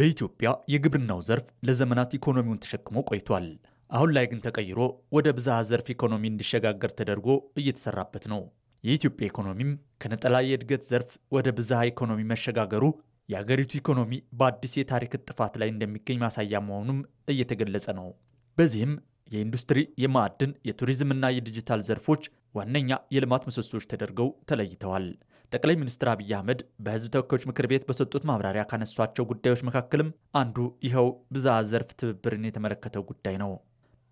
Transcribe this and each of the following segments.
በኢትዮጵያ የግብርናው ዘርፍ ለዘመናት ኢኮኖሚውን ተሸክሞ ቆይቷል። አሁን ላይ ግን ተቀይሮ ወደ ብዝሃ ዘርፍ ኢኮኖሚ እንዲሸጋገር ተደርጎ እየተሰራበት ነው። የኢትዮጵያ ኢኮኖሚም ከነጠላ የእድገት ዘርፍ ወደ ብዝሃ ኢኮኖሚ መሸጋገሩ የአገሪቱ ኢኮኖሚ በአዲስ የታሪክ ጥፋት ላይ እንደሚገኝ ማሳያ መሆኑም እየተገለጸ ነው። በዚህም የኢንዱስትሪ፣ የማዕድን፣ የቱሪዝምና የዲጂታል ዘርፎች ዋነኛ የልማት ምሰሶች ተደርገው ተለይተዋል። ጠቅላይ ሚኒስትር አብይ አህመድ በህዝብ ተወካዮች ምክር ቤት በሰጡት ማብራሪያ ካነሷቸው ጉዳዮች መካከልም አንዱ ይኸው ብዝሃ ዘርፍ ትብብርን የተመለከተው ጉዳይ ነው።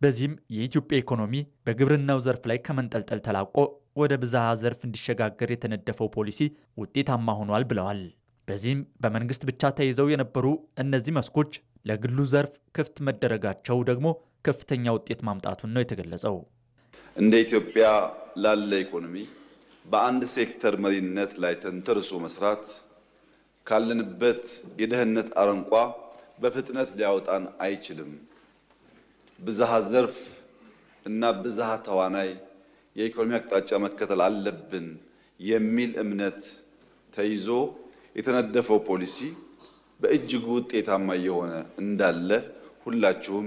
በዚህም የኢትዮጵያ ኢኮኖሚ በግብርናው ዘርፍ ላይ ከመንጠልጠል ተላቆ ወደ ብዝሃ ዘርፍ እንዲሸጋገር የተነደፈው ፖሊሲ ውጤታማ ሆኗል ብለዋል። በዚህም በመንግስት ብቻ ተይዘው የነበሩ እነዚህ መስኮች ለግሉ ዘርፍ ክፍት መደረጋቸው ደግሞ ከፍተኛ ውጤት ማምጣቱን ነው የተገለጸው። እንደ ኢትዮጵያ ላለ ኢኮኖሚ በአንድ ሴክተር መሪነት ላይ ተንተርሶ መስራት ካለንበት የደህንነት አረንቋ በፍጥነት ሊያወጣን አይችልም። ብዝሃ ዘርፍ እና ብዝሃ ተዋናይ የኢኮኖሚ አቅጣጫ መከተል አለብን የሚል እምነት ተይዞ የተነደፈው ፖሊሲ በእጅጉ ውጤታማ እየሆነ እንዳለ ሁላችሁም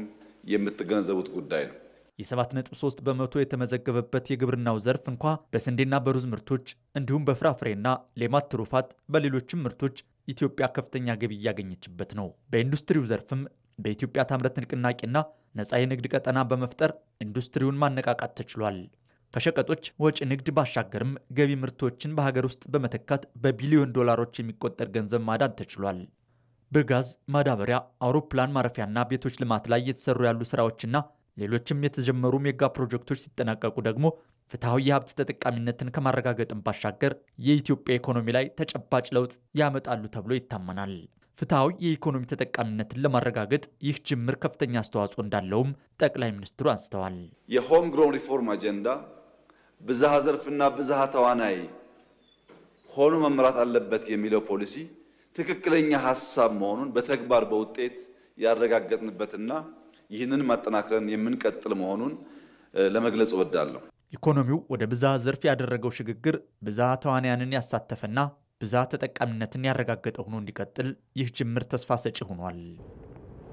የምትገነዘቡት ጉዳይ ነው። የ7.3 በመቶ የተመዘገበበት የግብርናው ዘርፍ እንኳ በስንዴና በሩዝ ምርቶች እንዲሁም በፍራፍሬና ሌማት ትሩፋት፣ በሌሎችም ምርቶች ኢትዮጵያ ከፍተኛ ገቢ እያገኘችበት ነው። በኢንዱስትሪው ዘርፍም በኢትዮጵያ ታምረት ንቅናቄና ነፃ የንግድ ቀጠና በመፍጠር ኢንዱስትሪውን ማነቃቃት ተችሏል። ከሸቀጦች ወጪ ንግድ ባሻገርም ገቢ ምርቶችን በሀገር ውስጥ በመተካት በቢሊዮን ዶላሮች የሚቆጠር ገንዘብ ማዳን ተችሏል። በጋዝ ማዳበሪያ፣ አውሮፕላን ማረፊያና ቤቶች ልማት ላይ የተሰሩ ያሉ ስራዎችና ሌሎችም የተጀመሩ ሜጋ ፕሮጀክቶች ሲጠናቀቁ ደግሞ ፍትሐዊ የሀብት ተጠቃሚነትን ከማረጋገጥን ባሻገር የኢትዮጵያ ኢኮኖሚ ላይ ተጨባጭ ለውጥ ያመጣሉ ተብሎ ይታመናል። ፍትሐዊ የኢኮኖሚ ተጠቃሚነትን ለማረጋገጥ ይህ ጅምር ከፍተኛ አስተዋጽኦ እንዳለውም ጠቅላይ ሚኒስትሩ አንስተዋል። የሆም ግሮን ሪፎርም አጀንዳ ብዝሃ ዘርፍና ብዝሃ ተዋናይ ሆኖ መምራት አለበት የሚለው ፖሊሲ ትክክለኛ ሀሳብ መሆኑን በተግባር በውጤት ያረጋገጥንበትና ይህንን ማጠናክረን የምንቀጥል መሆኑን ለመግለጽ እወዳለሁ። ኢኮኖሚው ወደ ብዝሃ ዘርፍ ያደረገው ሽግግር ብዝሃ ተዋንያንን ያሳተፈና ብዝሃ ተጠቃሚነትን ያረጋገጠ ሆኖ እንዲቀጥል ይህ ጅምር ተስፋ ሰጪ ሆኗል።